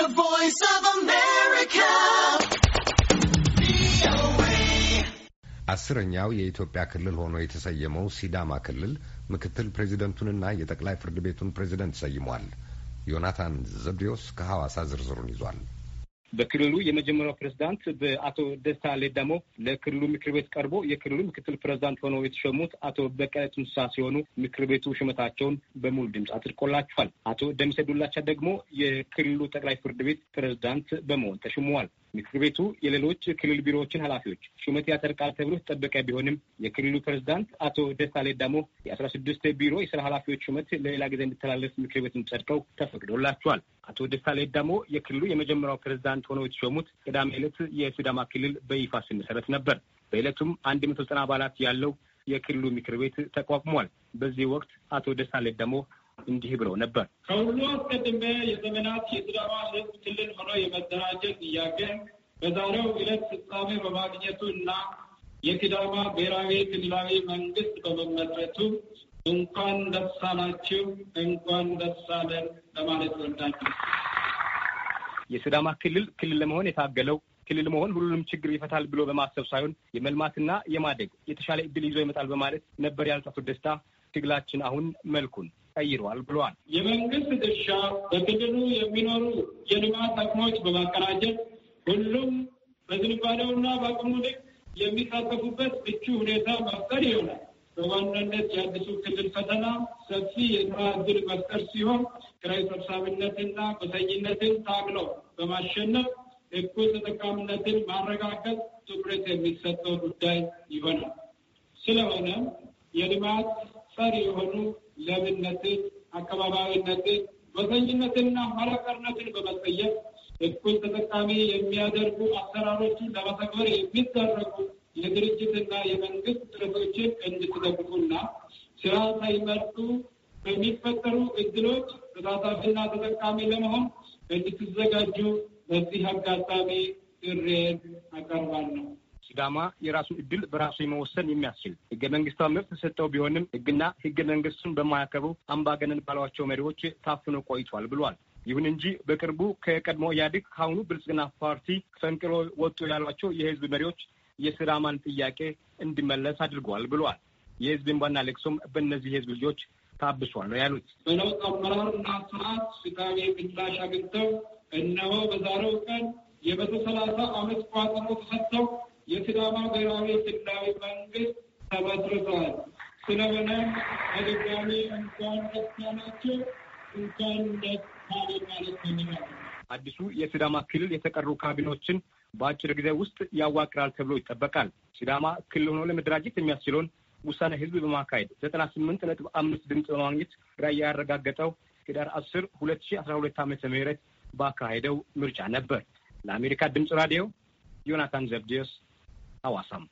The Voice of America. አስረኛው የኢትዮጵያ ክልል ሆኖ የተሰየመው ሲዳማ ክልል ምክትል ፕሬዚደንቱንና የጠቅላይ ፍርድ ቤቱን ፕሬዚደንት ሰይሟል። ዮናታን ዘብዴዎስ ከሐዋሳ ዝርዝሩን ይዟል። በክልሉ የመጀመሪያው ፕሬዚዳንት በአቶ ደስታ ሌዳሞ ለክልሉ ምክር ቤት ቀርቦ የክልሉ ምክትል ፕሬዚዳንት ሆነው የተሸሙት አቶ በቀለ ትንሳ ሲሆኑ ምክር ቤቱ ሹመታቸውን በሙሉ ድምፅ አጽድቆላቸዋል። አቶ ደሚሰ ዱላቻ ደግሞ የክልሉ ጠቅላይ ፍርድ ቤት ፕሬዚዳንት በመሆን ተሹመዋል። ምክር ቤቱ የሌሎች ክልል ቢሮዎችን ኃላፊዎች ሹመት ያጸድቃል ተብሎ ተጠበቀ ቢሆንም የክልሉ ፕሬዚዳንት አቶ ደስታ ሌዳሞ የአስራ ስድስት ቢሮ የስራ ኃላፊዎች ሹመት ለሌላ ጊዜ እንዲተላለፍ ምክር ቤቱን ጸድቀው ተፈቅዶላቸዋል። አቶ ደሳሌ ዳሞ የክልሉ የመጀመሪያው ፕሬዝዳንት ሆነው የተሾሙት ቅዳሜ ዕለት የሲዳማ ክልል በይፋ ሲመሰረት ነበር። በዕለቱም አንድ መቶ ዘጠና አባላት ያለው የክልሉ ምክር ቤት ተቋቁሟል። በዚህ ወቅት አቶ ደሳሌ ዳሞ እንዲህ ብለው ነበር። ከሁሉ አስቀድሜ የዘመናት የሲዳማ ሕዝብ ክልል ሆኖ የመደራጀት ጥያቄ በዛሬው ዕለት ፍጻሜ በማግኘቱ እና የሲዳማ ብሔራዊ ክልላዊ መንግስት በመመስረቱ እንኳን ደስ አላችሁ፣ እንኳን ደስ አለን ለማለት ወዳችሁ። የሲዳማ ክልል ክልል ለመሆን የታገለው ክልል መሆን ሁሉንም ችግር ይፈታል ብሎ በማሰብ ሳይሆን የመልማትና የማደግ የተሻለ እድል ይዞ ይመጣል በማለት ነበር ያልጻፉት ደስታ ትግላችን አሁን መልኩን ቀይረዋል ብለዋል። የመንግስት ድርሻ በክልሉ የሚኖሩ የልማት አቅሞች በማቀናጀት ሁሉም በዝንባሌውና በአቅሙ ልክ የሚሳተፉበት ምቹ ሁኔታ መፍጠር ይሆናል። በዋናነት የአዲሱ ክልል ፈተና ሰፊ የስራ እድል መፍጠር ሲሆን ክራይ ሰብሳቢነትና ብዝሃነትን ታግለው በማሸነፍ እኩል ተጠቃሚነትን ማረጋገጥ ትኩረት የሚሰጠው ጉዳይ ይሆናል። ስለሆነም የልማት ጸር የሆኑ ለብነትን፣ አካባቢያዊነትን፣ ብዝሃነትንና ኋላቀርነትን ቀርነትን በመጠየቅ እኩል ተጠቃሚ የሚያደርጉ አሰራሮችን ለመተግበር የሚደረጉ የድርጅትና የመንግስት ጥረቶችን እንድትደግፉና ስራ ሳይመርጡ በሚፈጠሩ እድሎች ተሳታፊና ተጠቃሚ ለመሆን እንድትዘጋጁ በዚህ አጋጣሚ ጥሬን አቀርባለሁ። ሲዳማ የራሱን እድል በራሱ የመወሰን የሚያስችል ህገ መንግስታዊ መብት ተሰጠው ቢሆንም ህግና ህገ መንግስቱን በማያከብሩ አምባገነን ባሏቸው መሪዎች ታፍኖ ቆይቷል ብሏል። ይሁን እንጂ በቅርቡ ከቀድሞ ኢህአዴግ ከአሁኑ ብልጽግና ፓርቲ ፈንቅሎ ወጡ ያሏቸው የህዝብ መሪዎች የስራማን ጥያቄ እንዲመለስ አድርገዋል ብለዋል። የህዝብ እንባና ለቅሶም በእነዚህ የህዝብ ልጆች ታብሷል ነው ያሉት። በለውጥ አመራርና ስርዓት ስጋቤ ምላሽ አግኝተው እነሆ በዛሬው ቀን የመቶ ሰላሳ አመት ቋጠሮ ተሰጥተው የስዳማ ብሔራዊ ክልላዊ መንግስት ተመስርተዋል። ስለሆነ በድጋሚ እንኳን ደስ እንኳን ደስ አዲሱ የሲዳማ ክልል የተቀሩ ካቢኖችን በአጭር ጊዜ ውስጥ ያዋቅራል ተብሎ ይጠበቃል። ሲዳማ ክልል ሆኖ ለመደራጀት የሚያስችለውን ውሳኔ ህዝብ በማካሄድ ዘጠና ስምንት ነጥብ አምስት ድምፅ በማግኘት ራዕይ ያረጋገጠው ህዳር አስር ሁለት ሺ አስራ ሁለት ዓመተ ምህረት ባካሄደው ምርጫ ነበር። ለአሜሪካ ድምፅ ራዲዮ ዮናታን ዘብዲዮስ ሐዋሳም